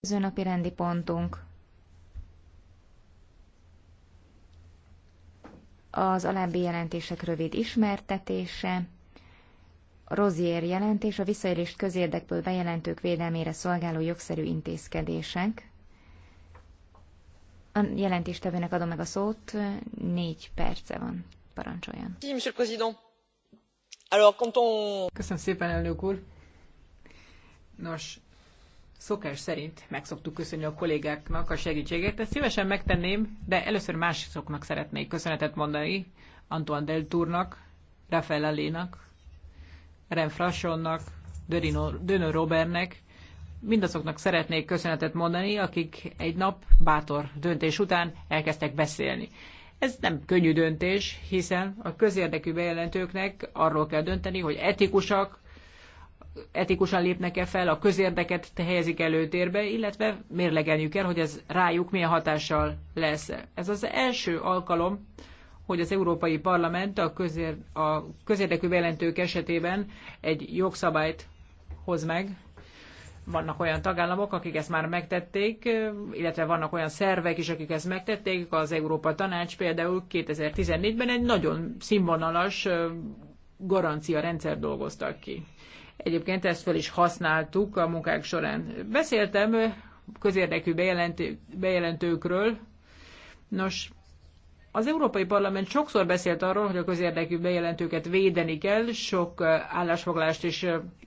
következő napi rendi pontunk. Az alábbi jelentések rövid ismertetése, Rozier jelentés a visszaélést közérdekből bejelentők védelmére szolgáló jogszerű intézkedések. A jelentéstevőnek adom meg a szót, négy perce van, parancsoljon. Köszönöm szépen, elnök úr! Nos, szokás szerint meg szoktuk köszönni a kollégáknak a segítséget. Ezt szívesen megtenném, de először másoknak szeretnék köszönetet mondani. Antoine Deltournak, Rafael Alénak, Ren Frassonnak, Dönö Robertnek, mindazoknak szeretnék köszönetet mondani, akik egy nap bátor döntés után elkezdtek beszélni. Ez nem könnyű döntés, hiszen a közérdekű bejelentőknek arról kell dönteni, hogy etikusak, etikusan lépnek-e fel, a közérdeket helyezik előtérbe, illetve mérlegeljük el, hogy ez rájuk milyen hatással lesz. Ez az első alkalom, hogy az Európai Parlament a, közér, a közérdekű bejelentők esetében egy jogszabályt hoz meg. Vannak olyan tagállamok, akik ezt már megtették, illetve vannak olyan szervek is, akik ezt megtették. Az Európa Tanács például 2014-ben egy nagyon színvonalas garancia rendszer dolgoztak ki. Egyébként ezt fel is használtuk a munkák során. Beszéltem közérdekű bejelentő, bejelentőkről. Nos, az Európai Parlament sokszor beszélt arról, hogy a közérdekű bejelentőket védeni kell, sok állásfoglalást is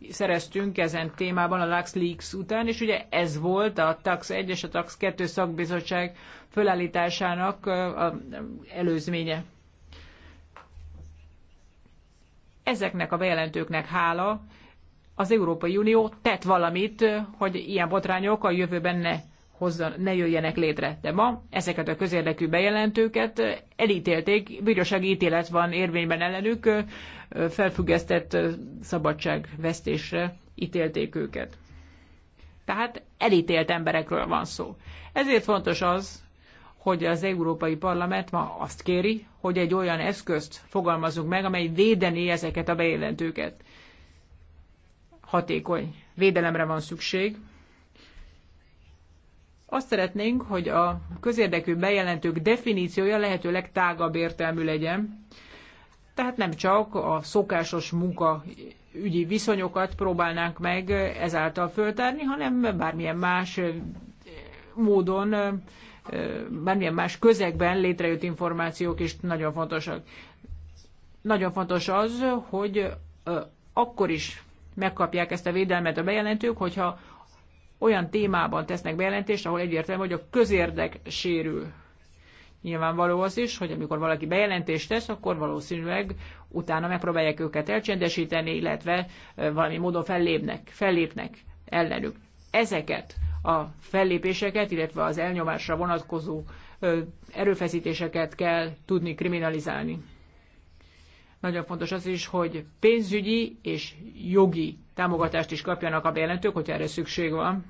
szereztünk ezen témában a leaks után, és ugye ez volt a TAX 1 és a TAX 2 szakbizottság fölállításának a előzménye. Ezeknek a bejelentőknek hála az Európai Unió tett valamit, hogy ilyen botrányok a jövőben ne, hozzon, ne jöjjenek létre. De ma ezeket a közérdekű bejelentőket elítélték, bírósági ítélet van érvényben ellenük, felfüggesztett szabadságvesztésre ítélték őket. Tehát elítélt emberekről van szó. Ezért fontos az, hogy az Európai Parlament ma azt kéri, hogy egy olyan eszközt fogalmazunk meg, amely védeni ezeket a bejelentőket hatékony védelemre van szükség. Azt szeretnénk, hogy a közérdekű bejelentők definíciója lehetőleg tágabb értelmű legyen, tehát nem csak a szokásos munka ügyi viszonyokat próbálnánk meg ezáltal föltárni, hanem bármilyen más módon, bármilyen más közegben létrejött információk is nagyon fontosak. Nagyon fontos az, hogy akkor is megkapják ezt a védelmet a bejelentők, hogyha olyan témában tesznek bejelentést, ahol egyértelmű, hogy a közérdek sérül. Nyilvánvaló az is, hogy amikor valaki bejelentést tesz, akkor valószínűleg utána megpróbálják őket elcsendesíteni, illetve valami módon fellépnek, fellépnek ellenük. Ezeket a fellépéseket, illetve az elnyomásra vonatkozó erőfeszítéseket kell tudni kriminalizálni. Nagyon fontos az is, hogy pénzügyi és jogi támogatást is kapjanak a bejelentők, hogyha erre szükség van.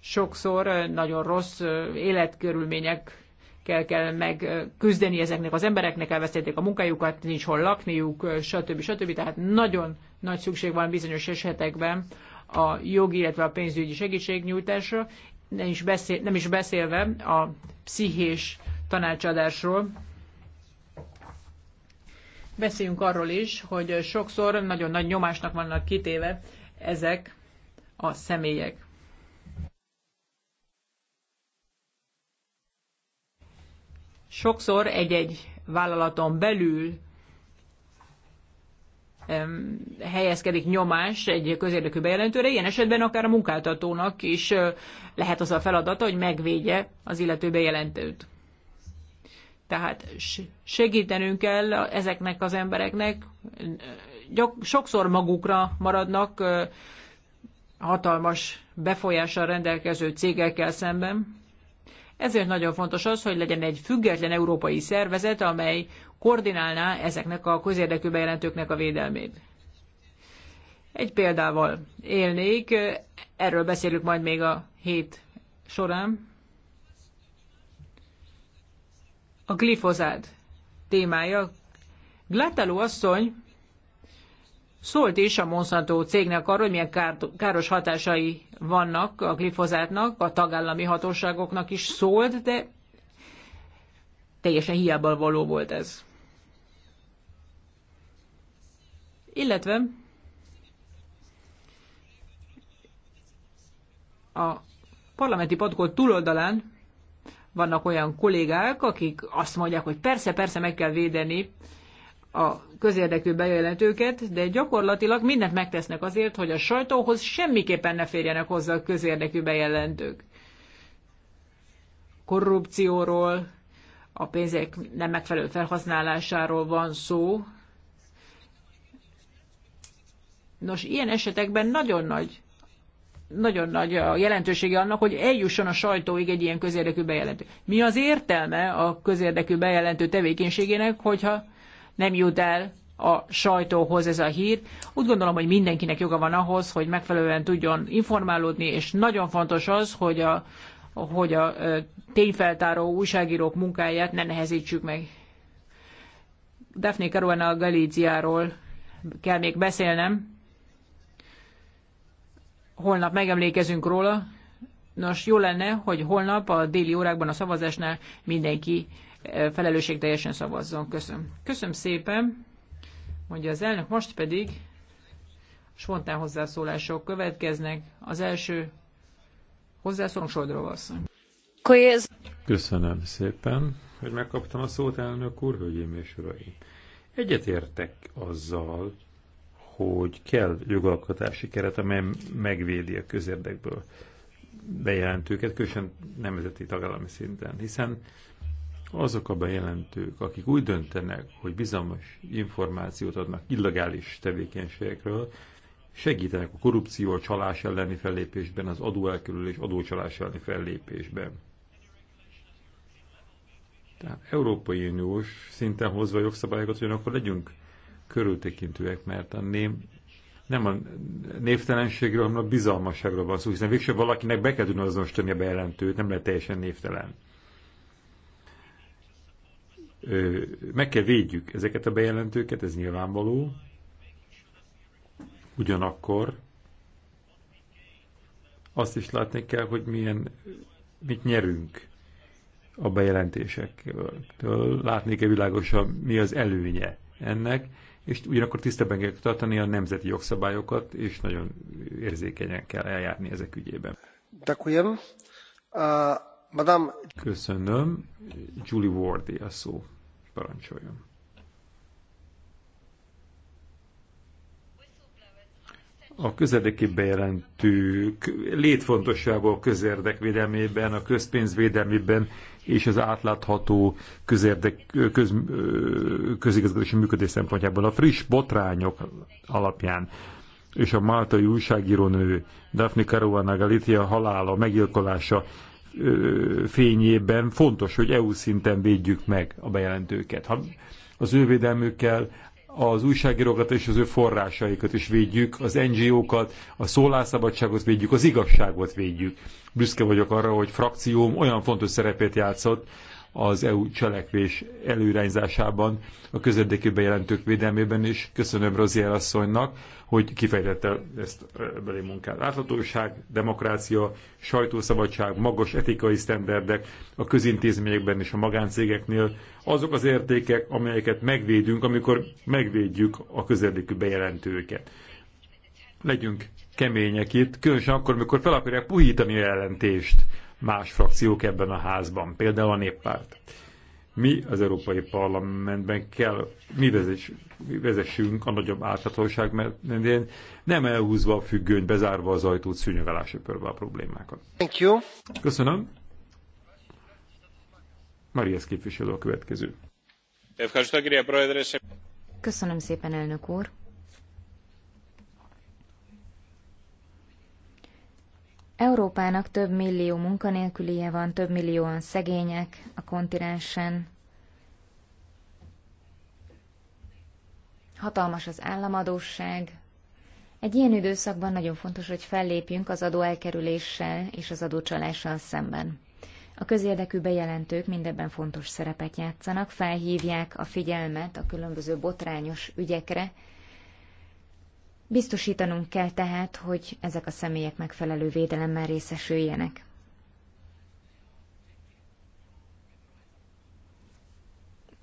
Sokszor nagyon rossz életkörülmények kell, kell megküzdeni ezeknek az embereknek, elvesztették a munkájukat, nincs hol lakniuk, stb. stb. Tehát nagyon nagy szükség van bizonyos esetekben a jogi, illetve a pénzügyi segítségnyújtásra, nem is, beszél, nem is beszélve a pszichés tanácsadásról, Beszéljünk arról is, hogy sokszor nagyon nagy nyomásnak vannak kitéve ezek a személyek. Sokszor egy-egy vállalaton belül helyezkedik nyomás egy közérdekű bejelentőre, ilyen esetben akár a munkáltatónak is lehet az a feladata, hogy megvédje az illető bejelentőt. Tehát segítenünk kell ezeknek az embereknek, sokszor magukra maradnak hatalmas befolyással rendelkező cégekkel szemben. Ezért nagyon fontos az, hogy legyen egy független európai szervezet, amely koordinálná ezeknek a közérdekű bejelentőknek a védelmét. Egy példával élnék, erről beszélünk majd még a hét során. a glifozád témája. Glattaló asszony szólt is a Monsanto cégnek arról, hogy milyen káros hatásai vannak a glifozátnak, a tagállami hatóságoknak is szólt, de teljesen hiába való volt ez. Illetve a parlamenti patkó túloldalán vannak olyan kollégák, akik azt mondják, hogy persze, persze meg kell védeni a közérdekű bejelentőket, de gyakorlatilag mindent megtesznek azért, hogy a sajtóhoz semmiképpen ne férjenek hozzá a közérdekű bejelentők. Korrupcióról, a pénzek nem megfelelő felhasználásáról van szó. Nos, ilyen esetekben nagyon nagy nagyon nagy a jelentősége annak, hogy eljusson a sajtóig egy ilyen közérdekű bejelentő. Mi az értelme a közérdekű bejelentő tevékenységének, hogyha nem jut el a sajtóhoz ez a hír. Úgy gondolom, hogy mindenkinek joga van ahhoz, hogy megfelelően tudjon informálódni, és nagyon fontos az, hogy a, hogy a tényfeltáró újságírók munkáját ne nehezítsük meg. Daphne Caruana Galíciáról kell még beszélnem, holnap megemlékezünk róla. Nos, jó lenne, hogy holnap a déli órákban a szavazásnál mindenki e, felelősségteljesen szavazzon. Köszönöm. Köszönöm szépen, mondja az elnök. Most pedig spontán hozzászólások következnek. Az első hozzászólunk Soldrova asszony. Köszönöm szépen, hogy megkaptam a szót, elnök úr, hölgyeim és uraim. Egyetértek azzal, hogy kell jogalkotási keret, amely megvédi a közérdekből bejelentőket, különösen nemzeti tagállami szinten, hiszen azok a bejelentők, akik úgy döntenek, hogy bizalmas információt adnak illegális tevékenységekről, segítenek a korrupció, a csalás elleni fellépésben, az adóelkerülés, adócsalás elleni fellépésben. Tehát Európai Uniós szinten hozva jogszabályokat, hogy akkor legyünk körültekintőek, mert a ném nem a névtelenségről, hanem a bizalmasságról van szó, hiszen végső valakinek be kell tudni azonosítani a bejelentőt, nem lehet teljesen névtelen. Meg kell védjük ezeket a bejelentőket, ez nyilvánvaló. Ugyanakkor azt is látni kell, hogy milyen, mit nyerünk a bejelentésektől. Látni kell világosan, mi az előnye ennek, és ugyanakkor tisztában kell tartani a nemzeti jogszabályokat, és nagyon érzékenyen kell eljárni ezek ügyében. Köszönöm. Uh, Madame... Köszönöm. Julie Wardy a szó. Parancsoljon. a közérdeki bejelentők létfontosságú a közérdek védelmében, a közpénz védelmében és az átlátható közérdek, köz, közigazgatási működés szempontjából. A friss botrányok alapján és a máltai újságírónő Daphne Caruana Galizia halála, megilkolása fényében fontos, hogy EU szinten védjük meg a bejelentőket. Ha az ő védelmükkel az újságírókat és az ő forrásaikat is védjük, az NGO-kat, a szólásszabadságot védjük, az igazságot védjük. Büszke vagyok arra, hogy frakcióm olyan fontos szerepét játszott az EU cselekvés előirányzásában, a közérdekű bejelentők védelmében is. Köszönöm Rozier asszonynak, hogy kifejtette ezt e, belé munkát. Láthatóság, demokrácia, sajtószabadság, magas etikai sztenderdek a közintézményekben és a magáncégeknél, azok az értékek, amelyeket megvédünk, amikor megvédjük a közérdekű bejelentőket. Legyünk kemények itt, különösen akkor, amikor fel akarják puhítani a jelentést más frakciók ebben a házban, például a néppárt. Mi az Európai Parlamentben kell, mi vezessünk a nagyobb átláthatóság mert nem elhúzva a függönyt, bezárva az ajtót, szűnyövel a problémákat. Thank you. Köszönöm. Marias képviselő a következő. Köszönöm szépen, elnök úr. Európának több millió munkanélkülie van, több millióan szegények a kontinensen. Hatalmas az államadóság. Egy ilyen időszakban nagyon fontos, hogy fellépjünk az adóelkerüléssel és az adócsalással szemben. A közérdekű bejelentők mindebben fontos szerepet játszanak, felhívják a figyelmet a különböző botrányos ügyekre, Biztosítanunk kell tehát, hogy ezek a személyek megfelelő védelemmel részesüljenek.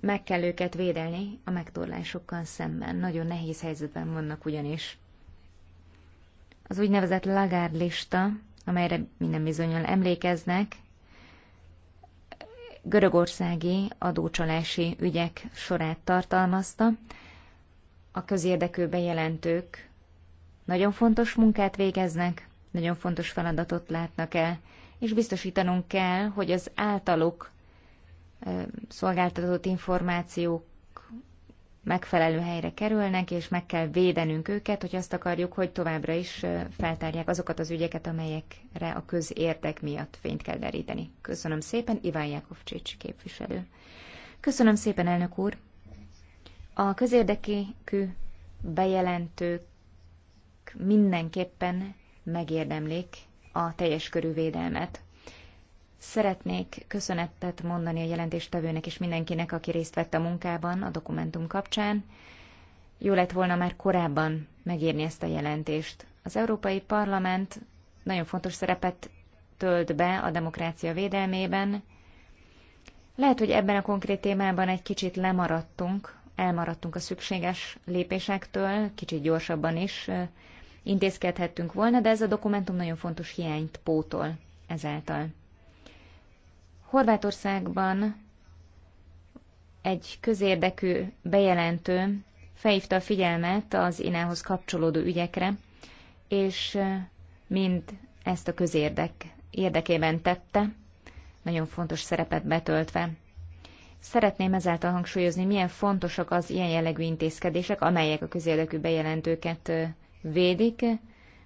Meg kell őket védelni a megtorlásokkal szemben. Nagyon nehéz helyzetben vannak ugyanis. Az úgynevezett Lagarde lista, amelyre minden bizonyal emlékeznek, görögországi adócsalási ügyek sorát tartalmazta. A közérdekű bejelentők nagyon fontos munkát végeznek, nagyon fontos feladatot látnak el, és biztosítanunk kell, hogy az általuk szolgáltatott információk megfelelő helyre kerülnek, és meg kell védenünk őket, hogy azt akarjuk, hogy továbbra is feltárják azokat az ügyeket, amelyekre a közérdek miatt fényt kell deríteni. Köszönöm szépen, Iván Jakovcsics képviselő. Köszönöm szépen, elnök úr! A közérdekű bejelentők mindenképpen megérdemlik a teljes körű védelmet. Szeretnék köszönetet mondani a jelentéstevőnek és mindenkinek, aki részt vett a munkában a dokumentum kapcsán. Jó lett volna már korábban megírni ezt a jelentést. Az Európai Parlament nagyon fontos szerepet tölt be a demokrácia védelmében. Lehet, hogy ebben a konkrét témában egy kicsit lemaradtunk, elmaradtunk a szükséges lépésektől, kicsit gyorsabban is intézkedhettünk volna, de ez a dokumentum nagyon fontos hiányt pótol ezáltal. Horvátországban egy közérdekű bejelentő felhívta a figyelmet az inához kapcsolódó ügyekre, és eh, mind ezt a közérdek érdekében tette, nagyon fontos szerepet betöltve. Szeretném ezáltal hangsúlyozni, milyen fontosak az ilyen jellegű intézkedések, amelyek a közérdekű bejelentőket eh, védik.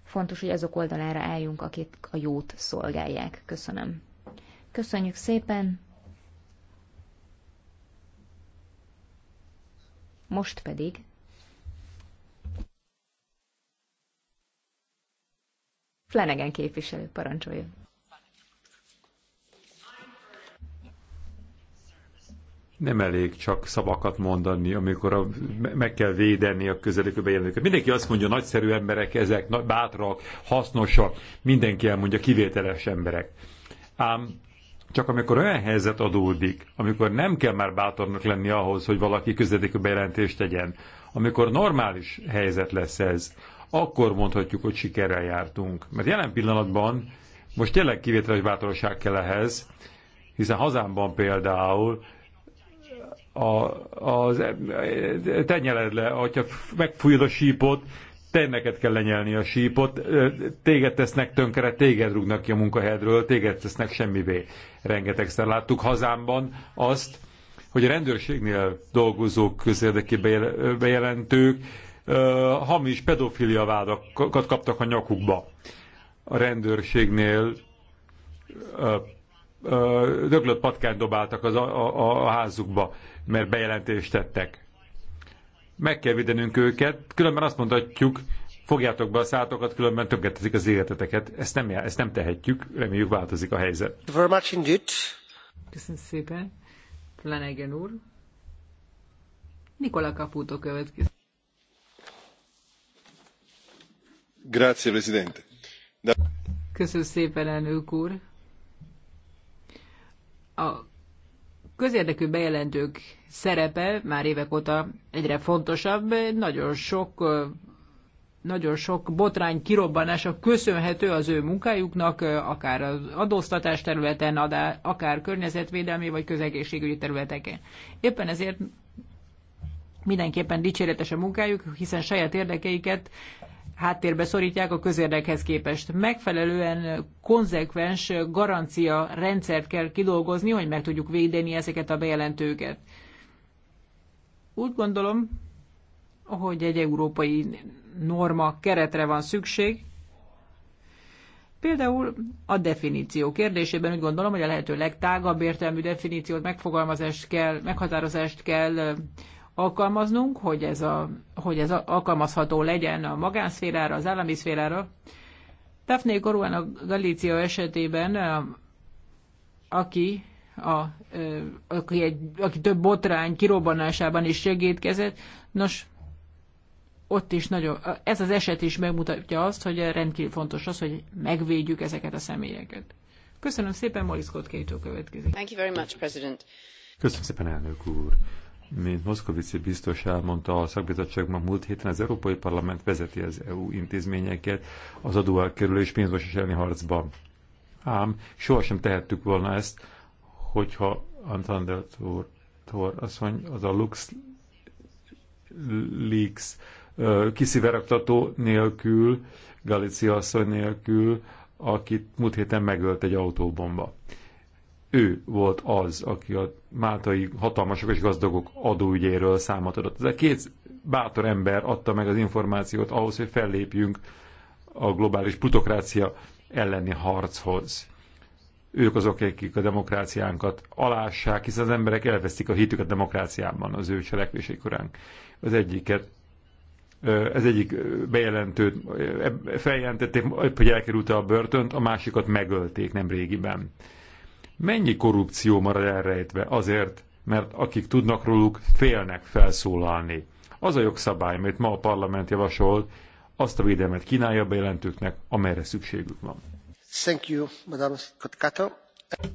Fontos, hogy azok oldalára álljunk, akik a jót szolgálják. Köszönöm. Köszönjük szépen! Most pedig Flanagan képviselő parancsoljon. nem elég csak szavakat mondani, amikor a, meg kell védeni a közelükbe bejelentőket. Mindenki azt mondja, nagyszerű emberek ezek, bátrak, hasznosak, mindenki elmondja, kivételes emberek. Ám csak amikor olyan helyzet adódik, amikor nem kell már bátornak lenni ahhoz, hogy valaki közvetékű bejelentést tegyen, amikor normális helyzet lesz ez, akkor mondhatjuk, hogy sikerrel jártunk. Mert jelen pillanatban most tényleg kivételes bátorság kell ehhez, hiszen hazámban például a, a e, e, te nyeled le, hogyha megfújod a sípot, te neked kell lenyelni a sípot, e, téged tesznek tönkre, téged rúgnak ki a munkahelyedről, téged tesznek semmivé. Rengetegszer láttuk hazámban azt, hogy a rendőrségnél dolgozók közérdekű bejelentők hamis pedofilia vádakat kaptak a nyakukba. A rendőrségnél döglött patkányt dobáltak az, a, a, a házukba, mert bejelentést tettek. Meg kell videnünk őket, különben azt mondhatjuk, fogjátok be a szátokat, különben tönkretezik az életeteket. Ezt nem, ezt nem tehetjük, reméljük változik a helyzet. Very much indeed. Köszönöm szépen. Flanagan úr. Nikola Caputo következik. Grazie, Presidente. Da... Köszönöm szépen, elnök úr a közérdekű bejelentők szerepe már évek óta egyre fontosabb, nagyon sok nagyon sok botrány kirobbanása köszönhető az ő munkájuknak, akár az adóztatás területen, akár környezetvédelmi vagy közegészségügyi területeken. Éppen ezért mindenképpen dicséretes a munkájuk, hiszen saját érdekeiket háttérbe szorítják a közérdekhez képest. Megfelelően konzekvens garancia rendszert kell kidolgozni, hogy meg tudjuk védeni ezeket a bejelentőket. Úgy gondolom, hogy egy európai norma keretre van szükség. Például a definíció kérdésében úgy gondolom, hogy a lehető legtágabb értelmű definíciót, megfogalmazást kell, meghatározást kell alkalmaznunk, hogy ez, a, hogy ez alkalmazható legyen a magánszférára, az állami szférára. Daphne Korúan a Galícia esetében, aki, a, aki, egy, aki több botrány kirobbanásában is segítkezett, nos, ott is nagyon, ez az eset is megmutatja azt, hogy rendkívül fontos az, hogy megvédjük ezeket a személyeket. Köszönöm szépen, Moriszkot Kétó következik. Thank you very much, President. Köszönöm szépen, elnök úr. Mint Moszkovici biztos elmondta a szakbizottságban múlt héten, az Európai Parlament vezeti az EU intézményeket az adóelkerülés pénzmosás elleni harcban. Ám sohasem tehettük volna ezt, hogyha Antander úr, úr azt mondja, az a Lux Leaks kisziveraktató nélkül, Galicia asszony nélkül, akit múlt héten megölt egy autóbomba ő volt az, aki a máltai hatalmasok és gazdagok adóügyéről számot adott. Ez a két bátor ember adta meg az információt ahhoz, hogy fellépjünk a globális plutokrácia elleni harchoz. Ők azok, akik a demokráciánkat alássák, hiszen az emberek elvesztik a hitüket a demokráciában az ő cselekvései korán. Az egyiket ez egyik bejelentő, feljelentették, hogy elkerülte a börtönt, a másikat megölték nem régiben. Mennyi korrupció marad elrejtve azért, mert akik tudnak róluk, félnek felszólalni. Az a jogszabály, amit ma a parlament javasol, azt a védelmet kínálja bejelentőknek, amelyre szükségük van. Thank you, Madame Kotkato.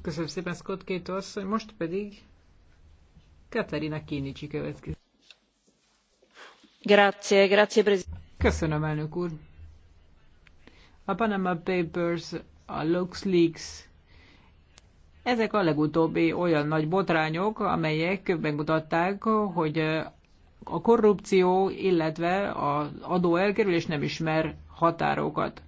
Köszönöm szépen, Scott Kato asszony. Most pedig Katerina Kínicsi következik. Grazie, grazie, Presidente. Köszönöm, elnök úr. A Panama Papers, a LuxLeaks ezek a legutóbbi olyan nagy botrányok, amelyek megmutatták, hogy a korrupció, illetve az adóelkerülés nem ismer határokat.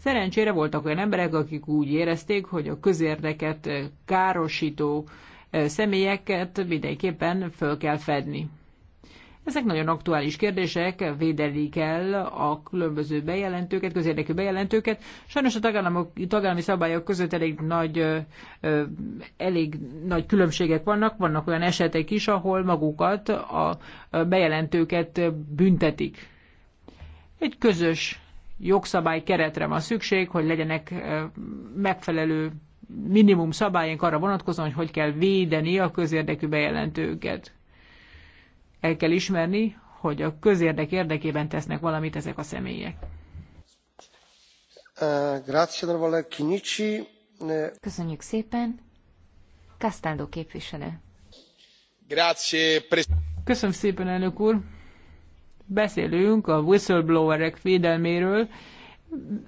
Szerencsére voltak olyan emberek, akik úgy érezték, hogy a közérdeket károsító eh, személyeket mindenképpen föl kell fedni. Ezek nagyon aktuális kérdések, védelik kell a különböző bejelentőket, közérdekű bejelentőket. Sajnos a tagállamok, tagállami szabályok között elég nagy, elég nagy különbségek vannak. Vannak olyan esetek is, ahol magukat a bejelentőket büntetik. Egy közös jogszabály keretre van szükség, hogy legyenek megfelelő minimum szabályunk arra vonatkozóan, hogy hogy kell védeni a közérdekű bejelentőket. El kell ismerni, hogy a közérdek érdekében tesznek valamit ezek a személyek. Eh, Köszönjük szépen. Castaldo képviselő. Köszönöm szépen, elnök úr. Beszélünk a whistleblowerek védelméről,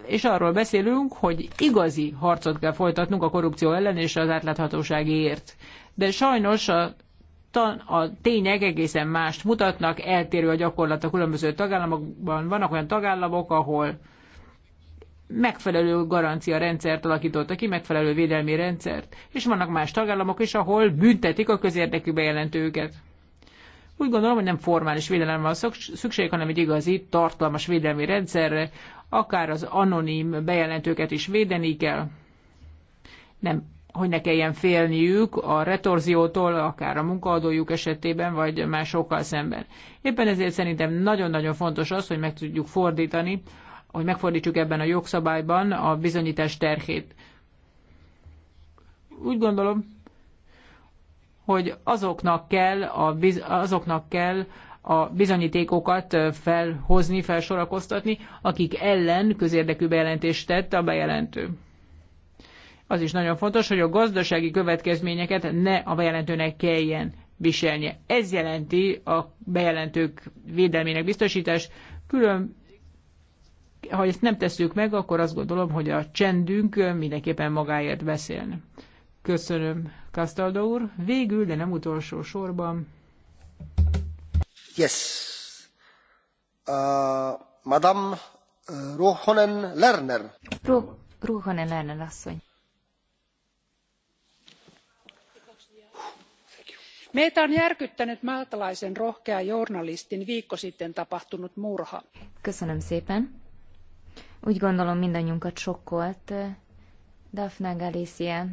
és arról beszélünk, hogy igazi harcot kell folytatnunk a korrupció ellen és az átláthatóságért. De sajnos a tan, a tények egészen mást mutatnak, eltérő a gyakorlat a különböző tagállamokban. Vannak olyan tagállamok, ahol megfelelő garancia rendszert alakítottak ki, megfelelő védelmi rendszert, és vannak más tagállamok is, ahol büntetik a közérdekű bejelentőket. Úgy gondolom, hogy nem formális védelem van szükség, hanem egy igazi, tartalmas védelmi rendszerre, akár az anonim bejelentőket is védeni kell. Nem hogy ne kelljen félniük a retorziótól, akár a munkaadójuk esetében, vagy másokkal szemben. Éppen ezért szerintem nagyon-nagyon fontos az, hogy meg tudjuk fordítani, hogy megfordítsuk ebben a jogszabályban a bizonyítás terhét. Úgy gondolom, hogy azoknak kell a, biz, azoknak kell a bizonyítékokat felhozni, felsorakoztatni, akik ellen közérdekű bejelentést tett a bejelentő. Az is nagyon fontos, hogy a gazdasági következményeket ne a bejelentőnek kelljen viselnie. Ez jelenti a bejelentők védelmének biztosítás. Külön, ha ezt nem tesszük meg, akkor azt gondolom, hogy a csendünk mindenképpen magáért beszélne. Köszönöm, Kastaldo úr. Végül, de nem utolsó sorban. Yes. Uh, Madame uh, Rohonen Lerner. Ro- Rohonen Lerner asszony. meitä on järkyttänyt maltalaisen rohkean journalistin viikko sitten tapahtunut murha. Köszönöm szépen. Úgy gondolom mindannyiunkat sokkolt eh, Daphne Galicia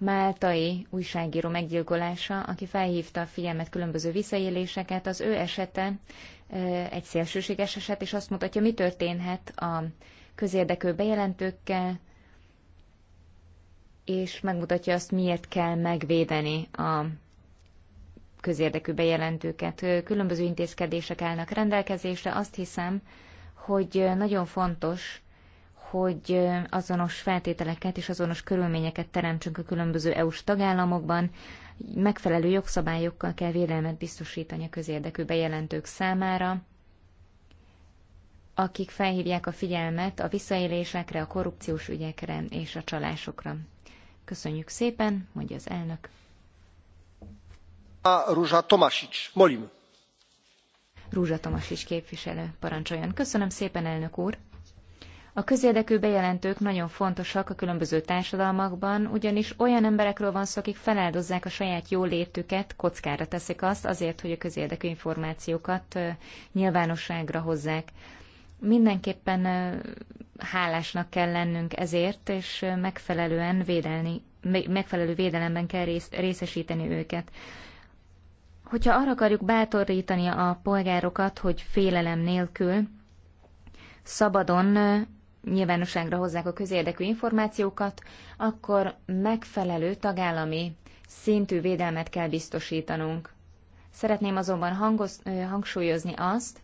máltai újságíró meggyilkolása, aki felhívta a figyelmet különböző visszaéléseket. Az ő esete eh, egy szélsőséges eset, és azt mutatja, mi történhet a közérdekű bejelentőkkel, és megmutatja azt, miért kell megvédeni a közérdekű bejelentőket. Különböző intézkedések állnak rendelkezésre. Azt hiszem, hogy nagyon fontos, hogy azonos feltételeket és azonos körülményeket teremtsünk a különböző EU-s tagállamokban, megfelelő jogszabályokkal kell védelmet biztosítani a közérdekű bejelentők számára, akik felhívják a figyelmet a visszaélésekre, a korrupciós ügyekre és a csalásokra. Köszönjük szépen, mondja az elnök képviselő, Köszönöm szépen, elnök úr. A közérdekű bejelentők nagyon fontosak a különböző társadalmakban, ugyanis olyan emberekről van szó, akik feláldozzák a saját jólétüket, kockára teszik azt azért, hogy a közérdekű információkat nyilvánosságra hozzák. Mindenképpen hálásnak kell lennünk ezért, és megfelelően védelni, megfelelő védelemben kell részesíteni őket. Hogyha arra akarjuk bátorítani a polgárokat, hogy félelem nélkül szabadon nyilvánosságra hozzák a közérdekű információkat, akkor megfelelő tagállami szintű védelmet kell biztosítanunk. Szeretném azonban hangos hangsúlyozni azt,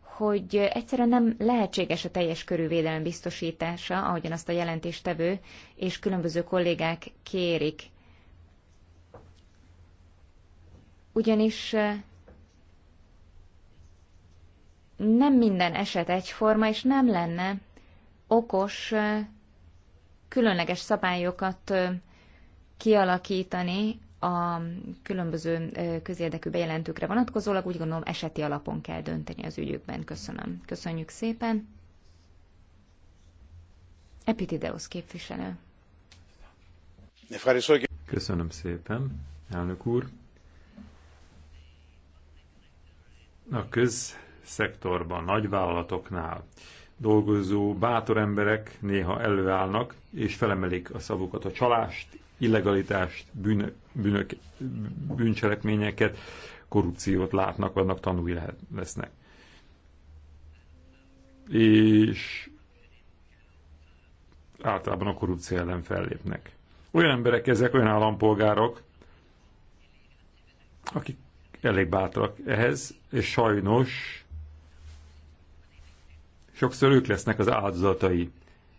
hogy egyszerűen nem lehetséges a teljes körű védelem biztosítása, ahogyan azt a jelentéstevő és különböző kollégák kérik. ugyanis eh, nem minden eset egyforma, és nem lenne okos, eh, különleges szabályokat eh, kialakítani a különböző közérdekű bejelentőkre vonatkozólag. Úgy gondolom, eseti alapon kell dönteni az ügyükben. Köszönöm. Köszönjük szépen. Epitideusz képviselő. Köszönöm szépen, elnök úr. a közszektorban, nagyvállalatoknál dolgozó bátor emberek néha előállnak és felemelik a szavukat a csalást, illegalitást, bűn, bűnök, bűncselekményeket, korrupciót látnak, vannak tanúi lehet, lesznek. És általában a korrupció ellen fellépnek. Olyan emberek ezek, olyan állampolgárok, akik elég bátrak ehhez, és sajnos sokszor ők lesznek az áldozatai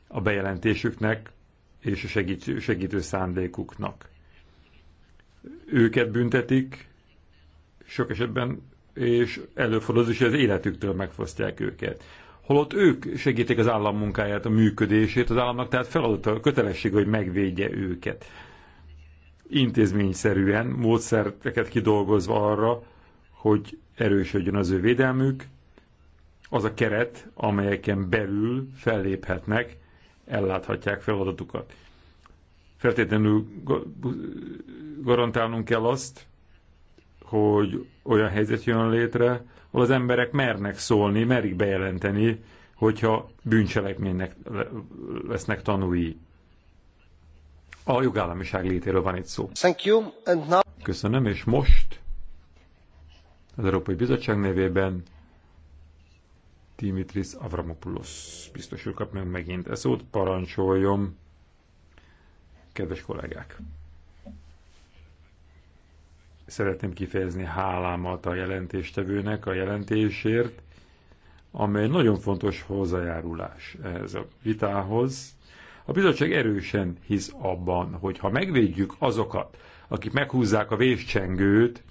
a bejelentésüknek és a segítő, segítő szándékuknak. Őket büntetik sok esetben, és előfordul, hogy az életüktől megfosztják őket. Holott ők segítik az állam munkáját, a működését, az államnak tehát feladata, kötelessége, hogy megvédje őket intézményszerűen módszereket kidolgozva arra, hogy erősödjön az ő védelmük, az a keret, amelyeken belül felléphetnek, elláthatják feladatukat. Feltétlenül garantálnunk kell azt, hogy olyan helyzet jön létre, ahol az emberek mernek szólni, merik bejelenteni, hogyha bűncselekménynek lesznek tanúi. A jogállamiság létéről van itt szó. Thank you, and now... Köszönöm, és most az Európai Bizottság nevében Dimitris Avramopoulos biztos kap meg megint e szót, parancsoljon, kedves kollégák! Szeretném kifejezni hálámat a jelentéstevőnek a jelentésért, amely nagyon fontos hozzájárulás ehhez a vitához, a bizottság erősen hisz abban, hogy ha megvédjük azokat, akik meghúzzák a véscsengőt,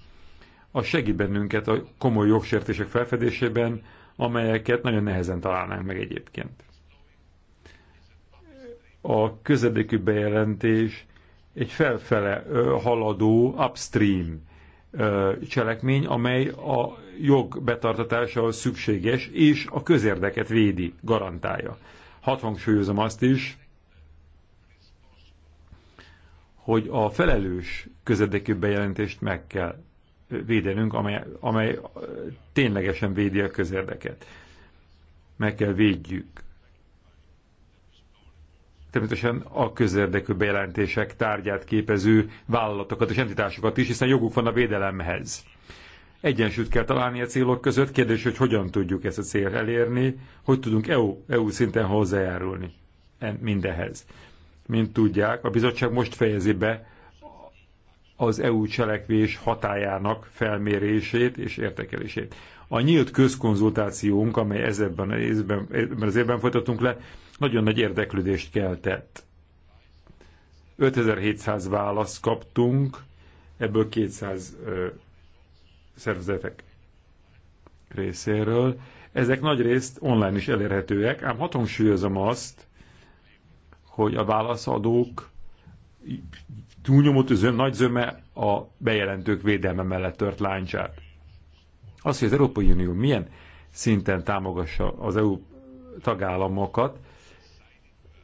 az segít bennünket a komoly jogsértések felfedésében, amelyeket nagyon nehezen találnánk meg egyébként. A közedékű bejelentés egy felfele haladó upstream cselekmény, amely a jog betartatása szükséges, és a közérdeket védi, garantálja. Hat hangsúlyozom azt is, hogy a felelős közérdekű bejelentést meg kell védenünk, amely, amely ténylegesen védi a közérdeket. Meg kell védjük. Természetesen a közérdekű bejelentések tárgyát képező vállalatokat és entitásokat is, hiszen joguk van a védelemhez. Egyensúlyt kell találni a célok között, kérdés, hogy hogyan tudjuk ezt a célt elérni, hogy tudunk EU, EU szinten hozzájárulni mindenhez. Mint tudják, a bizottság most fejezi be az EU cselekvés hatájának felmérését és értekelését. A nyílt közkonzultációnk, amely ezebben, ezben, ebben az évben folytatunk le, nagyon nagy érdeklődést keltett. 5700 választ kaptunk, ebből 200 ö, szervezetek részéről. Ezek nagy részt online is elérhetőek, ám hat hangsúlyozom azt, hogy a válaszadók túlnyomott zöm, nagy zöme a bejelentők védelme mellett tört láncsát. Az, hogy az Európai Unió milyen szinten támogassa az EU tagállamokat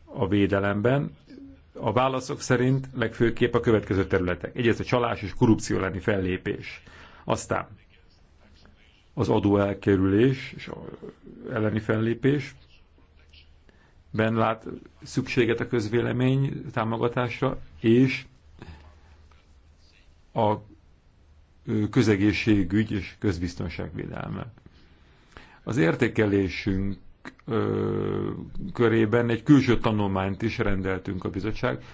a védelemben, a válaszok szerint legfőképp a következő területek. Egyrészt a csalás és korrupció elleni fellépés. Aztán az adóelkerülés és elleni fellépés, ben lát szükséget a közvélemény támogatásra, és a közegészségügy és közbiztonságvédelme. Az értékelésünk ö, körében egy külső tanulmányt is rendeltünk a bizottság,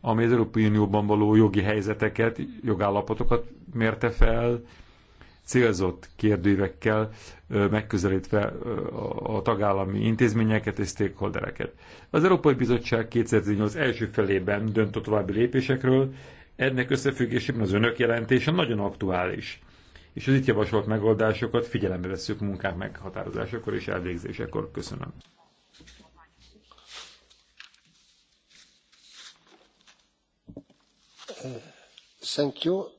ami az Európai Unióban való jogi helyzeteket, jogállapotokat mérte fel, célzott kérdőívekkel megközelítve a tagállami intézményeket és stakeholdereket. Az Európai Bizottság 2018 első felében döntött további lépésekről, ennek összefüggésében az önök jelentése nagyon aktuális, és az itt javasolt megoldásokat figyelembe veszük munkák meghatározásakor és elvégzésekor. Köszönöm. Thank you.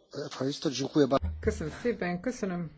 Köszönöm szépen, köszönöm.